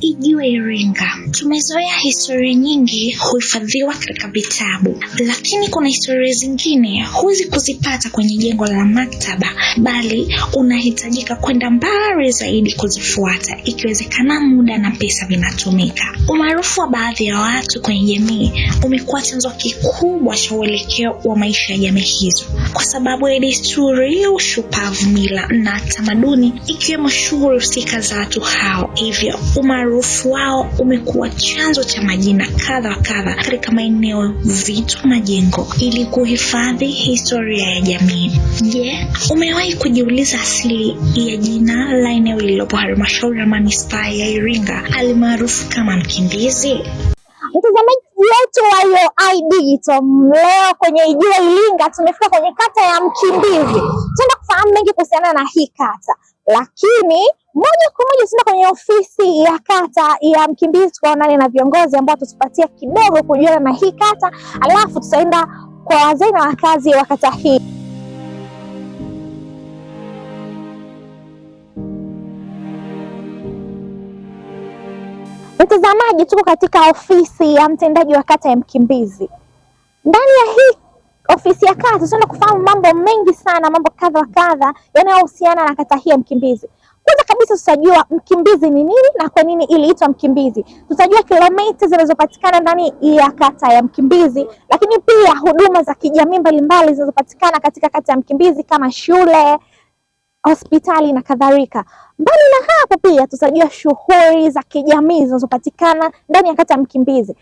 ijiwe Iringa. Tumezoea historia nyingi huhifadhiwa katika vitabu, lakini kuna historia zingine huwezi kuzipata kwenye jengo la maktaba, bali unahitajika kwenda mbali zaidi kuzifuata, ikiwezekana muda na pesa vinatumika. Umaarufu wa baadhi ya watu kwenye jamii umekuwa chanzo kikubwa cha uelekeo wa maisha ya jamii hizo, kwa sababu ya desturi, ushupavu, mila na tamaduni, ikiwemo shughuli husika za watu hao, hivyo umaarufu umaarufu wao umekuwa chanzo cha majina kadha wa kadha katika maeneo, vitu, majengo ili kuhifadhi historia ya jamii. Je, yeah, umewahi kujiuliza asili ya jina la eneo lililopo halmashauri ya manispaa ya Iringa alimaarufu kama Mkimbizi? Mtazamaji wetu wa Digital, leo kwenye ijua Iringa tumefika kwenye kata ya Mkimbizi. Tuna nafahamu mengi kuhusiana na hii kata, lakini moja kwa moja tuenda kwenye ofisi ya kata ya Mkimbizi tukaonane na viongozi ambao tutupatia kidogo kujuana na hii kata, alafu tutaenda kwa wazee na wakazi wa kata hii. Mtazamaji, tuko katika ofisi ya mtendaji wa kata ya Mkimbizi. Ndani ya hii ofisi ya kata tunaenda kufahamu mambo mengi sana, mambo kadha wa kadha yanayohusiana na kata hii ya Mkimbizi. Kwanza kabisa tutajua Mkimbizi ni nini na kwa nini iliitwa Mkimbizi. Tutajua kilomita zinazopatikana ndani ya kata ya Mkimbizi, lakini pia huduma za kijamii mbalimbali zinazopatikana katika kata ya Mkimbizi kama shule, hospitali na kadhalika. Mbali na hapo, pia tutajua shughuli za kijamii zinazopatikana ndani ya kata ya Mkimbizi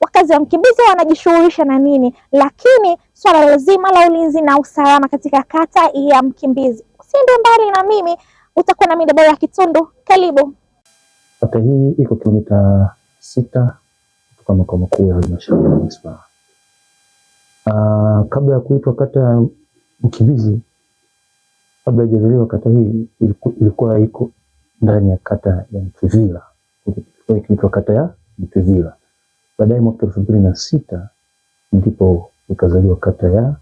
wakazi wa Mkimbizi wanajishughulisha na nini, lakini swala lazima la ulinzi na usalama katika kata ya Mkimbizi. Usiende mbali na mimi, utakuwa na mida ya Kitundu. Karibu. Kata hii iko kilomita sita kutoka makao makuu ya halmashauri ya manispaa. Uh, kabla ya kuitwa kata ya Mkimbizi, kabla ijazaliwa, kata hii ilikuwa iko ndani ya kata ya Mtuvila, ilikuwa ikiitwa kata ya Mtuvila Baadaye mwaka elfu mbili na sita ndipo ikazaliwa kata ya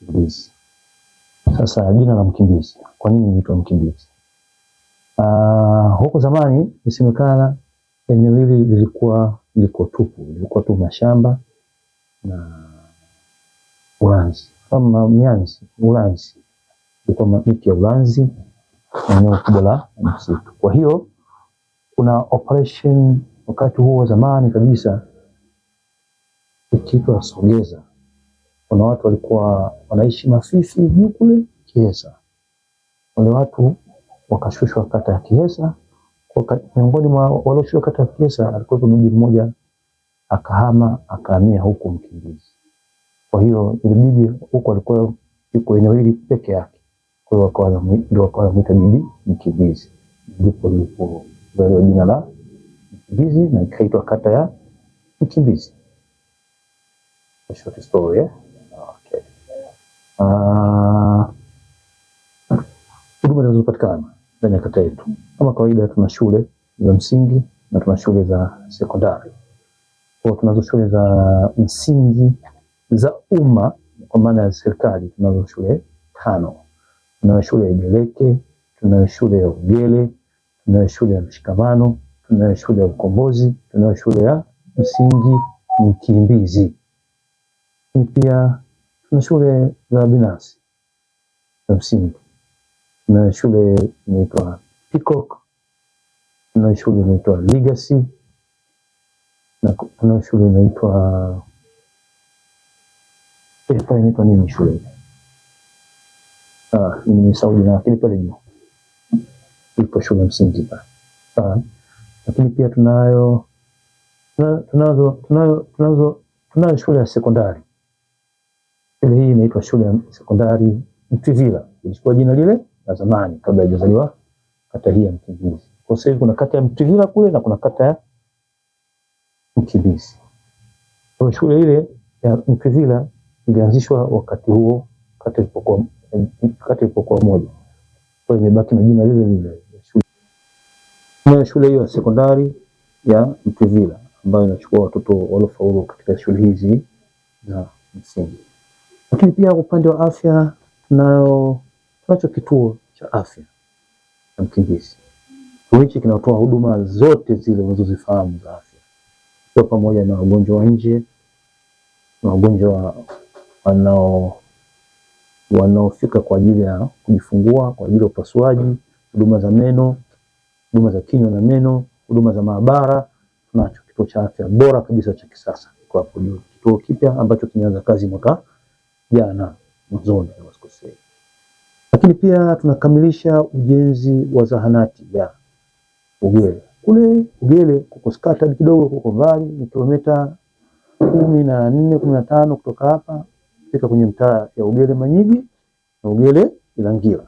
Mkimbizi. Sasa jina la Mkimbizi, kwa nini inaitwa Mkimbizi? Uh, huko zamani isemekana eneo hili lilikuwa liko tupu, lilikuwa tu mashamba na ulanzi ama mianzi, ulanzi ilikuwa miti ya ulanzi, eneo kubwa la msitu. Kwa hiyo kuna operation wakati huo zamani kabisa Ikiitwa Sogeza, kuna watu walikuwa wanaishi mafisi juu kule Kihesa. Wale watu wakashushwa kata ya Kihesa. Miongoni mwa walioshushwa kata ya Kihesa alikuwa mji mmoja akahama akahamia huku Mkimbizi. Kwa hiyo ilibidi huku alikuwa yuko eneo hili peke yake, kwa hiyo wakawa wanamuita bibi Mkimbizi, ndipo lilipo jina la Mkimbizi na ikaitwa kata ya Mkimbizi. Short story, eh? Okay. Uh, zinazopatikana ndani ya kata yetu kama kawaida, tuna shule za msingi na tuna shule za sekondari. Kwa hiyo tunazo shule za msingi za umma kwa maana ya serikali, tunazo shule tano. Tunayo shule ya Igeleke, tunayo shule ya Ugele, tunayo shule ya Mshikamano, tunayo shule ya Ukombozi, tunayo shule ya msingi Mkimbizi lakini pia tuna shule za binafsi za msingi. Tuna shule inaitwa Peacock, tuna shule inaitwa Legacy na tuna shule inaitwa eh, pale inaitwa nini shule ah, ni Saudi na lakini pale juu ipo shule msingi pale, ah, lakini pia tunayo tunazo tunazo tunazo tunayo shule ya sekondari Shule hii inaitwa Shule ya Sekondari Mtivila, ilikuwa jina lile la zamani kabla haijazaliwa kata hii ya Mkimbizi. Kwa sasa kuna kata ya Mtivila kule na kuna kata ya Mkimbizi. Kwa shule ile ya Mtivila ilianzishwa wakati huo kata ilipokuwa kata ilipokuwa moja. Kwa hiyo imebaki na jina lile lile shule. Shule hiyo ya sekondari ya Mtivila ambayo inachukua watoto waliofaulu katika shule hizi za msingi. Lakini pia upande wa afya tunayo tunacho kituo cha afya cha Mkimbizi. Kituo hichi kinatoa huduma zote zile unazozifahamu za afya, ikiwa pamoja na wagonjwa wa nje na wagonjwa wanao wanaofika kwa ajili ya kujifungua, kwa ajili ya upasuaji, huduma za meno, huduma za kinywa na meno, huduma za maabara. Tunacho kituo cha afya bora kabisa cha kisasa kwa hapo juu, kituo kipya ambacho kimeanza kazi mwaka jana mwanzoni, kama Lakini pia tunakamilisha ujenzi wa zahanati ya Ugele kule Ugele kukoskata kidogo, kuko mbali, ni kilomita kumi na nne kumi na tano kutoka hapa fika kwenye mtaa ya Ugele Manyigi na Ugele Ilangira.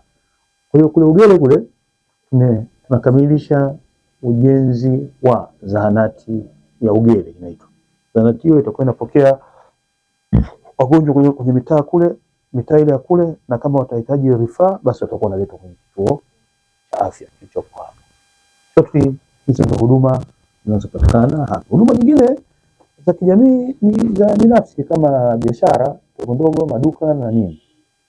Kwa hiyo kule Ugele kule tunakamilisha ujenzi wa zahanati ya Ugele inaitwa. Zahanati hiyo itakuwa inapokea wagonjwa kwenye mitaa kule, mitaa ile ya kule, na kama watahitaji rifaa basi watakuwa wanaletwa kwenye kituo cha afya kilichopo hapo. Hizo ndio huduma zinazopatikana hapa. Huduma nyingine za kijamii ni za binafsi kama biashara ndogo ndogo, maduka na nini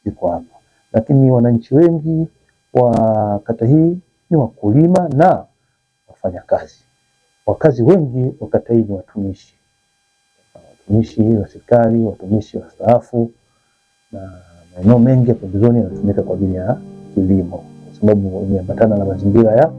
ziko hapa, lakini wananchi wengi wa kata hii ni wakulima na wafanyakazi. Wakazi wengi wa kata hii ni watumishi watumishi wa serikali, watumishi wastaafu na maeneo mengi ya pembezoni yanatumika kwa ajili ya kilimo, kwa sababu imeambatana na mazingira ya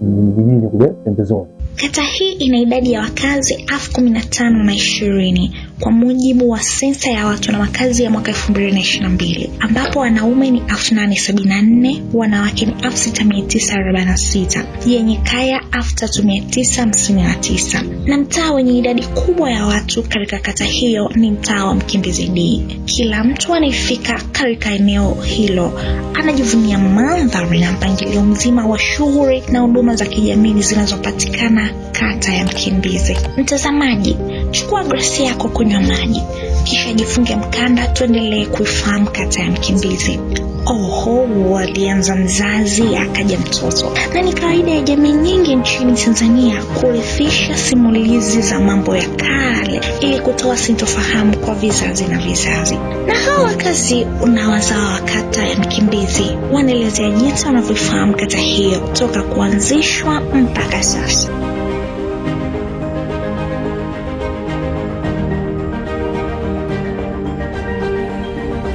mijijini kule pembezoni. Kata hii ina idadi ya wakazi elfu kumi na tano na ishirini kwa mujibu wa sensa ya watu na makazi ya mwaka 2022 ambapo wanaume ni 874 wanawake ni 6946 yenye kaya 3959 na mtaa wenye idadi kubwa ya watu katika kata hiyo ni mtaa wa Mkimbizi D. Kila mtu anayefika katika eneo hilo anajivunia mandhari na mpangilio mzima wa shughuli na huduma za kijamii zinazopatikana kata ya Mkimbizi. Mtazamaji, chukua glasi yako kunywa maji kisha jifunge mkanda tuendelee kuifahamu kata ya mkimbizi oho alianza mzazi akaja mtoto na ni kawaida ya jamii nyingi nchini tanzania kurifisha simulizi za mambo ya kale ili kutoa sintofahamu kwa vizazi na vizazi na hawa wakazi unawazawa wa kata ya mkimbizi wanaelezea jinsi wanavyofahamu kata hiyo toka kuanzishwa mpaka sasa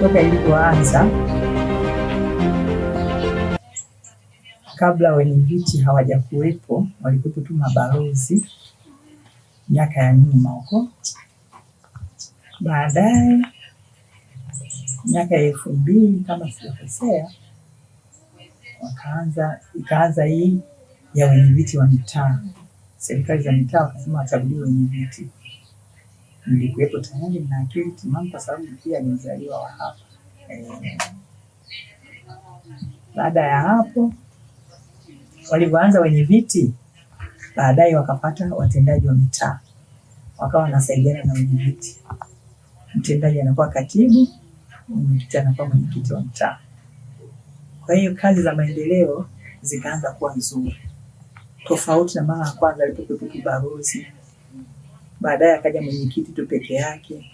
toka ilipoanza kabla wenye viti hawajakuwepo, walikuwepo tu mabalozi miaka ya nyuma huko. Baadaye miaka ya elfu mbili kama sijakosea, wakaanza ikaanza hii ya wenye viti wa mitaa, serikali za mitaa wakasema wachaguliwe wenye viti nilikuwepo tayari na akili timamu kwa sababu pia ni mzaliwa wa hapa eh, Baada ya hapo walivyoanza wenye viti, baadaye wakapata watendaji wa mitaa, wakawa wanasaidiana na wenye viti. Mtendaji anakuwa katibu, viti anakuwa mwenyekiti wa mtaa. Kwa hiyo kazi za maendeleo zikaanza kuwa nzuri, tofauti na mara ya kwanza alipokuwepo kibarozi baadaye akaja mwenyekiti tu peke yake.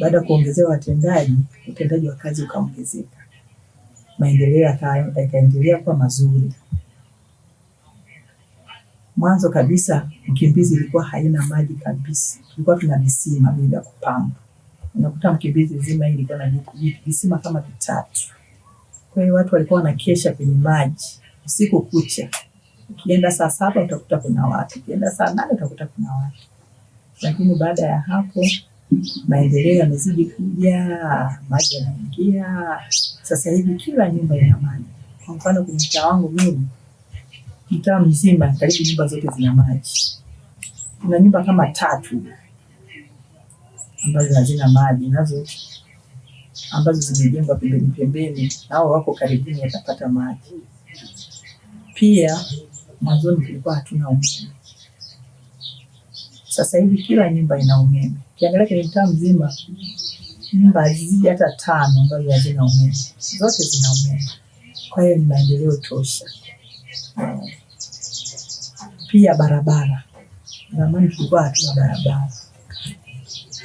Baada ya kuongezewa watendaji, utendaji wa kazi ukaongezeka, maendeleo yakaendelea kuwa mazuri. Mwanzo kabisa Mkimbizi ilikuwa haina maji kabisa, tulikuwa tuna visima bila kupamba. Unakuta Mkimbizi zima ilikuwa na visima kama vitatu. Kwa hiyo watu walikuwa wanakesha kwenye maji usiku kucha. Ukienda saa saba utakuta kuna watu, ukienda saa nane utakuta kuna watu lakini baada ya hapo maendeleo yamezidi kuja, maji yanaingia. Sasa hivi kila nyumba ina maji. Kwa mfano kwenye mtaa wangu mimi, mtaa mzima karibu nyumba zote zina maji. Kuna nyumba kama tatu ambazo hazina maji nazo, ambazo zimejengwa pembeni pembeni, au wako karibuni watapata maji. Pia mwanzoni kulikuwa hatuna umeme sasa hivi kila nyumba ina umeme, kiangalia kwenye mtaa mzima nyumba hazizidi hata tano ambazo hazina umeme, zote zina umeme. Kwa hiyo ni maendeleo tosha. Pia barabara, zamani tulikuwa hatuna barabara,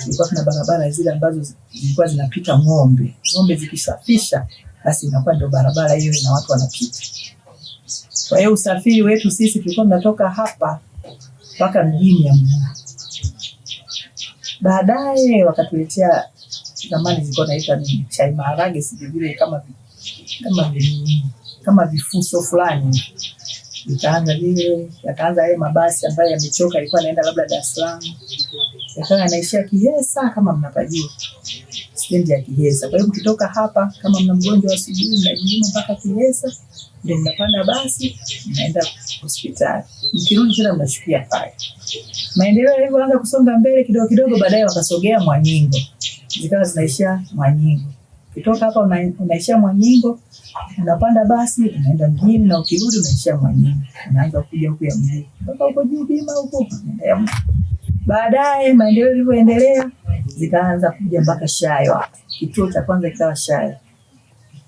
tulikuwa tuna barabara zile ambazo zilikuwa zinapita ng'ombe. Ng'ombe zikisafisha basi inakuwa ndio barabara hiyo ina watu wanapita. Kwa hiyo usafiri wetu sisi tulikuwa tunatoka hapa mpaka mjini ya Muna Baadaye wakatuletea zamani zilikuwa naita ni chai maharage, sijui vile kama kama kama vifuso fulani ikaanza vile, yakaanza yale mabasi ambayo yamechoka, alikuwa anaenda labda Dar es Salaam, yakawa yanaishia Kihesa kama mnapajua stendi ya Kihesa. Kwa hiyo mkitoka hapa kama mna mgonjwa wa asubuhi, mnajinyima mpaka Kihesa, ndio mnapanda basi mnaenda hospitali, mkirudi tena mnashukia pale. Maendeleo yalivyoanza kusonga mbele kidogo kidogo, baadaye wakasogea Mwanyingo, zikawa zinaishia Mwanyingo. Ukitoka hapa una, unaishia Mwanyingo, unapanda basi unaenda mjini, na ukirudi unaishia Mwanyingo, unaanza kuja huku ya mjini mpaka huko juu bima huko. Baadaye maendeleo yalivyoendelea zikaanza kuja mpaka Shayo. Kituo cha kwanza kikawa Shayo,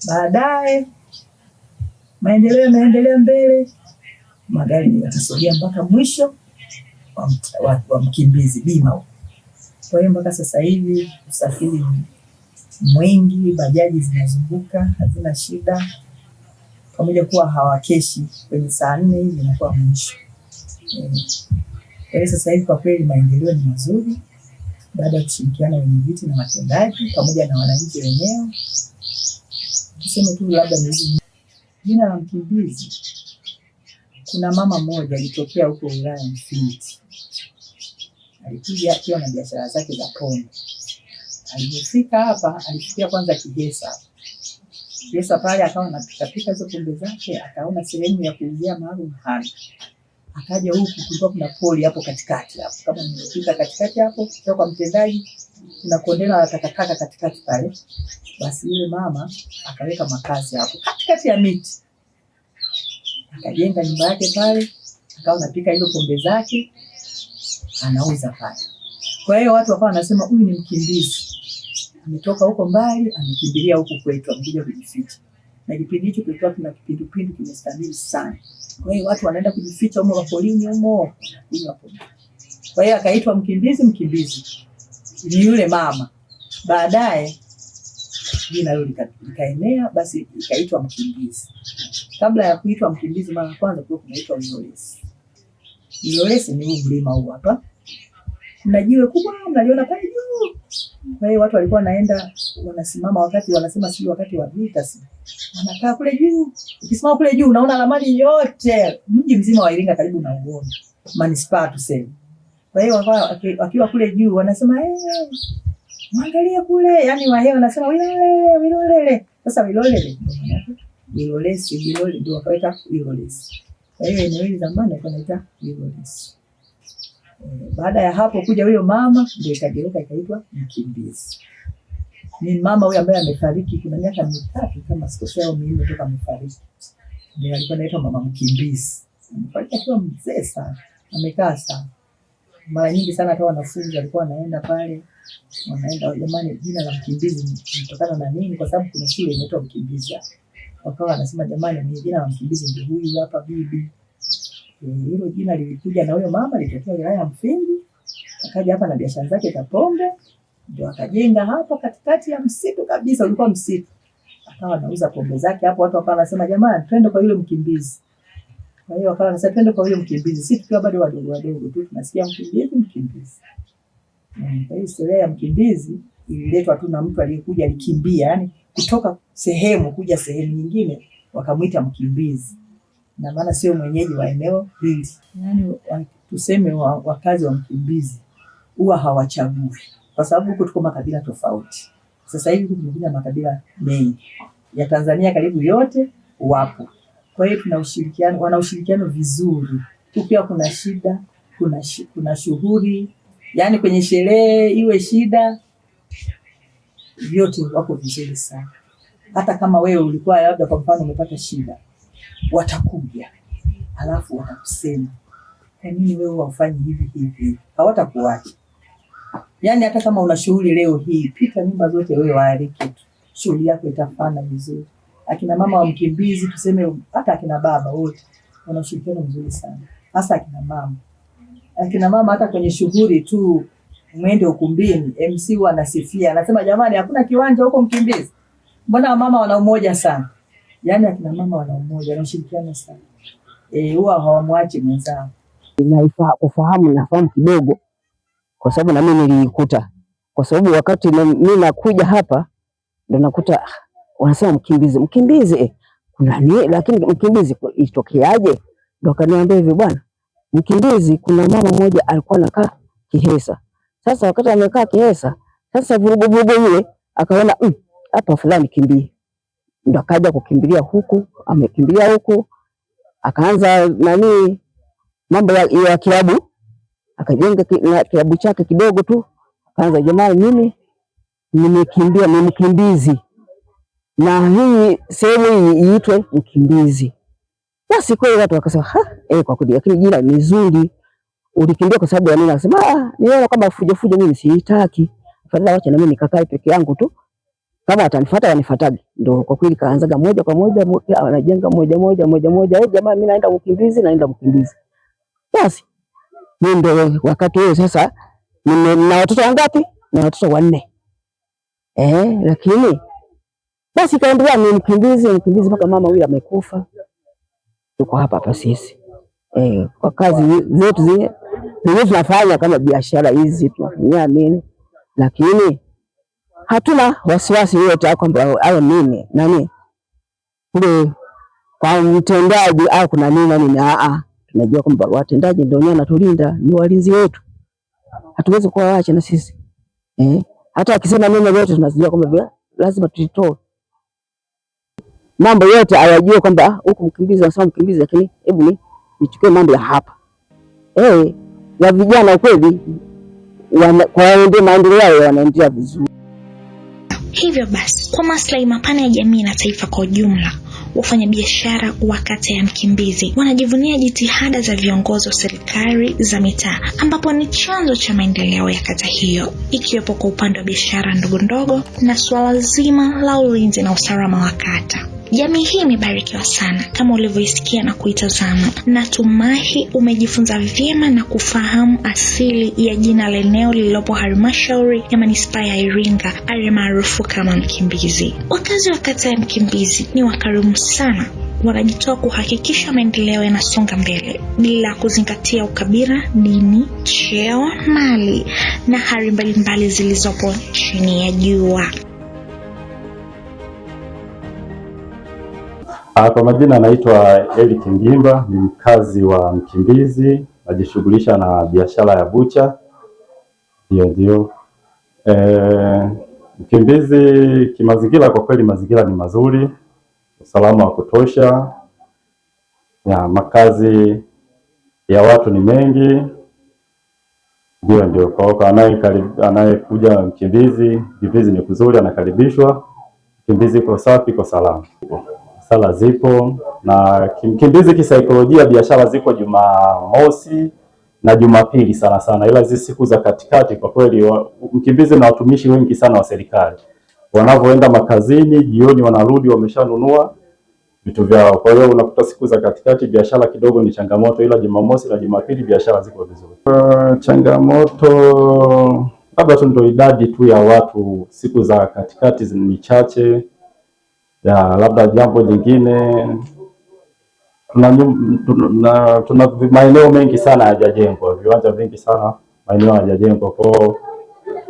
baadaye maendeleo yanaendelea mbele, magari yakasogea mpaka mwisho wa, wa, wa Mkimbizi bima huko. Kwa hiyo mpaka sasa hivi usafiri mwingi, bajaji zinazunguka hazina shida, pamoja kuwa hawakeshi kwenye saa nne hivi inakuwa mwisho. Kwa hiyo sasa hivi kwa kweli maendeleo ni mazuri baada ya kushirikiana wenye viti na watendaji pamoja na wananchi wenyewe. Tuseme tu labda ni jina la mkimbizi. Kuna mama mmoja alitokea huko wilaya ya Mfindi, alikuja akiwa na biashara zake za pombe. Alipofika hapa, alifikia kwanza Kigesa Kigesa pale, akawa anapikapika hizo pombe zake, akaona sehemu ya kuuzia maalum hana akaja huku, kulikuwa kuna poli hapo katikati hapo, kama nimepita katikati hapo kwa mtendaji, kuna kondena la takataka katikati pale. Basi yule mama akaweka makazi hapo katikati ya miti, akajenga nyumba yake pale, akawa anapika hizo pombe zake anauza pale. Kwa hiyo watu wakawa wanasema huyu ni mkimbizi, ametoka huko mbali, amekimbilia huku kwetu, amekuja kujificha. Na kipindi hicho kulikuwa kuna kipindupindu kimestamili sana. Kwa hiyo watu wanaenda kujificha humo mapolini humo. Kwa hiyo akaitwa mkimbizi. Mkimbizi ni yule mama, baadaye jina hilo likaenea, basi ikaitwa Mkimbizi. Kabla ya kuitwa Mkimbizi mara ya kwanza, kulikuwa kunaitwa Ulolesi. Ulolesi ni huu mlima huu hapa, kuna jiwe kubwa mnaliona pale juu kwa hiyo watu walikuwa wanaenda wanasimama, wakati wanasema sijui wakati wa vita, si wanakaa kule juu. Ukisimama kule juu unaona ramani yote mji mzima wa Iringa karibu na uona manispaa tuseme. Kwa hiyo wakiwa kule juu wanasema eh, mwangalie kule, yani wao wanasema Wilolele, Wilolele. Sasa Wilolele Wilolesi, Wilolele ndio wakaweka Wilolesi. Kwa hiyo eneo hili zamani wanaita Wilolesi. Baada ya hapo kuja huyo mama ndio ikageuka ikaitwa mkimbizi. Ni mama huyo ambaye amefariki kuna miaka mitatu kama sikosea au minne toka amefariki. Ndio alikuwa anaitwa mama mkimbizi. Amefariki akiwa mzee sana. Amekaa sana. Mara nyingi sana hata wanafunzi walikuwa wanaenda pale wanaenda, jamani, jina la mkimbizi litokana na nini? Kwa sababu kuna shule inaitwa Mkimbizi. Wakawa wanasema jamani, ni jina la mkimbizi ndio huyu hapa bibi. Hilo jina lilikuja na huyo mama litokea wilaya ya Mfindi, akaja hapa na biashara zake za pombe, ndio akajenga hapa katikati ya msitu kabisa, ulikuwa msitu, akawa anauza pombe zake hapo. Watu wakawa wanasema jamani, twende kwa yule mkimbizi. Kwa hiyo wakawa wanasema twende kwa yule mkimbizi, sisi tukiwa bado wadogo wadogo tu tunasikia mkimbizi, mkimbizi. Kwa hiyo historia ya mkimbizi ililetwa tu na mtu aliyekuja alikimbia, yani kutoka sehemu kuja sehemu nyingine, wakamwita mkimbizi na maana sio mwenyeji wa eneo hili, yaani tuseme wakazi wa, Mkimbizi huwa hawachagui, kwa sababu huko tuko makabila tofauti. Sasa hivi kumekuja makabila mengi ya Tanzania, karibu yote wapo. Kwa hiyo tuna ushirikiano, wana ushirikiano vizuri. Pia kuna shida, kuna, sh, kuna shughuli, yaani kwenye sherehe iwe shida, vyote wako vizuri sana. Hata kama wewe ulikuwa labda kwa mfano umepata shida watakuja alafu watakusema nini, wewe waufanyi hivi hivi, hawatakuacha yani. Hata kama una shughuli leo hii, pita nyumba zote, wewe waalike tu, shughuli yako itafana vizuri. Akina mama wa Mkimbizi tuseme, hata akina baba wote wana ushirikiano mzuri sana, hasa akina mama. Akina mama hata kwenye shughuli tu, mwende ukumbini, MC wanasifia, anasema jamani, hakuna kiwanja huko Mkimbizi, mbona wamama wana umoja sana yani akina mama wana umoja, wanashirikiana sana, e, huwa hawamwachi mwenzao. Ufahamu nafahamu kidogo, kwa sababu na mimi kwa sababu wakati mimi nakuja hapa ndo nakuta ah, wanasema mkimbizi, mkimbizi eh, kuna nini? Lakini mkimbizi itokeaje? Ndo akaniambia hivyo, bwana mkimbizi, kuna mama mmoja alikuwa anakaa Kihesa. Sasa wakati amekaa Kihesa, sasa vurugu vurugu yule eh, akaona mm, hapa, mm, fulani kimbie ndo akaja kukimbilia huku, amekimbilia huku akaanza nani mambo ya, ya kilabu, akajenga kilabu chake kidogo tu, akaanza jamani, mimi nimekimbia, ni mkimbizi na hii sehemu hii iitwe Mkimbizi. Basi kweli watu wakasema ha, eh, kwa kweli, lakini jina ni zuri. Ulikimbia kwa sababu ya nini? Akasema ah, niona kama fujo fujo, mimi siitaki, afadhali acha na mimi nikakae peke yangu tu kama atanifuata wanifuataje? Ndo kwa kweli kaanzaga moja kwa moja anajenga moja moja moja moja, eh, jamaa, mimi naenda mkimbizi, naenda mkimbizi. Basi mimi ndio wakati huo sasa, nina watoto wangapi? Na watoto wanne. Eh, lakini basi kaendelea, ni mkimbizi mkimbizi mpaka mama huyu amekufa, tuko hapa hapa sisi eh, kwa kazi zetu zile tunafanya kama biashara hizi tunafanyia nini, lakini hatuna wasiwasi yote kwamba au nini nani kule kwa mtendaji au kuna nini nani nini. a ah, ah, tunajua kwamba watendaji ndio wenyewe wanatulinda, ni walinzi wetu, hatuwezi kuwaacha na sisi eh. Hata akisema neno lolote tunazijua kwamba lazima tulitoe mambo yote ayajue kwamba huku mkimbizi anasema mkimbizi, lakini hebu ni nichukue mambo ya hapa eh, ya vijana kweli, kwa ndio maendeleo yao yanaendelea vizuri. Hivyo basi, kwa maslahi mapana ya jamii na taifa kwa ujumla, wafanyabiashara wa kata ya Mkimbizi wanajivunia jitihada za viongozi wa serikali za mitaa, ambapo ni chanzo cha maendeleo ya kata hiyo, ikiwepo kwa upande wa biashara ndogondogo na suala zima la ulinzi na usalama wa kata. Jamii hii imebarikiwa sana kama ulivyoisikia na kuitazama. Natumai umejifunza vyema na kufahamu asili ya jina la eneo lililopo halmashauri ya manispaa ya Iringa maarufu kama Mkimbizi. Wakazi wa kata ya Mkimbizi ni wakarimu sana wanajitoa kuhakikisha maendeleo yanasonga mbele bila kuzingatia ukabila, dini, cheo, mali na hali mbalimbali zilizopo chini ya jua. Ah, kwa majina anaitwa Eric Ngimba, ni mkazi wa Mkimbizi, najishughulisha na biashara ya bucha. Ndio, ndio. E, Mkimbizi kimazingira, kwa kweli mazingira ni mazuri, usalama wa kutosha, ya makazi ya watu ni mengi. Ndio, ndio, kwa anayekuja Mkimbizi, Mkimbizi ni kuzuri, anakaribishwa. Mkimbizi iko safi, iko salama sala zipo na kimkimbizi, kisaikolojia biashara ziko Jumamosi na Jumapili sana sana, ila hizi siku za katikati kwa kweli mkimbizi na watumishi wengi sana wa serikali wanavyoenda makazini, jioni wanarudi wameshanunua vitu vyao. Kwa hiyo unakuta siku za katikati biashara kidogo ni changamoto, ila Jumamosi na Jumapili biashara ziko vizuri. Uh, changamoto labda tu ndio idadi tu ya watu siku za katikati ni chache ya labda jambo jingine tuna, tuna maeneo mengi sana hayajajengwa, viwanja vingi sana maeneo hayajajengwa kwao,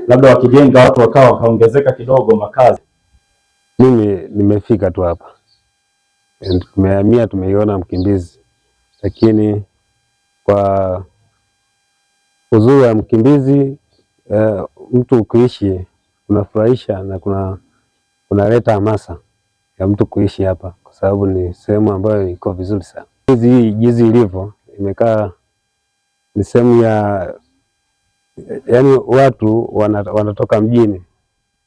labda wakijenga watu wakawa wakaongezeka kidogo makazi. Mimi nimefika tu hapa, tumehamia tumeiona Mkimbizi, lakini kwa uzuri wa Mkimbizi eh, mtu ukiishi unafurahisha na kuna kunaleta hamasa ya mtu kuishi hapa, kwa sababu ni sehemu ambayo iko vizuri sana. Hizi hii jizi ilivyo imekaa ni sehemu ya yaani, watu wana, wanatoka mjini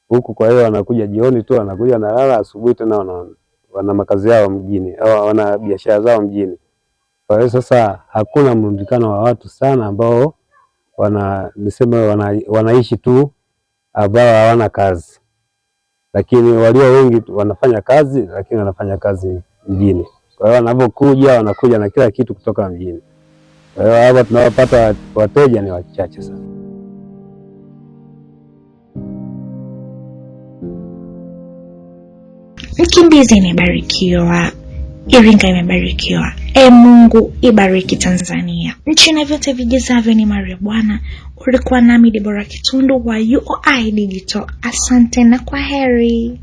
huku, kwa hiyo wanakuja jioni tu, wanakuja wanalala, asubuhi tena wana, wana makazi yao mjini au wana biashara zao mjini. Kwa hiyo sasa hakuna mrundikano wa watu sana ambao wana niseme wana, wanaishi tu ambao hawana kazi lakini walio wengi wanafanya kazi, lakini wanafanya kazi mjini. Kwa hiyo wanapokuja wanakuja na kila kitu kutoka mjini. Kwa hiyo hapa tunawapata wateja ni wachache sana. Mkimbizi barikiwa. Iringa imebarikiwa. E Mungu ibariki Tanzania, nchi na vyote vijizavyo. Ni Maria Bwana. Ulikuwa nami Debora Kitundu wa UoI Digital. Asante na kwa heri.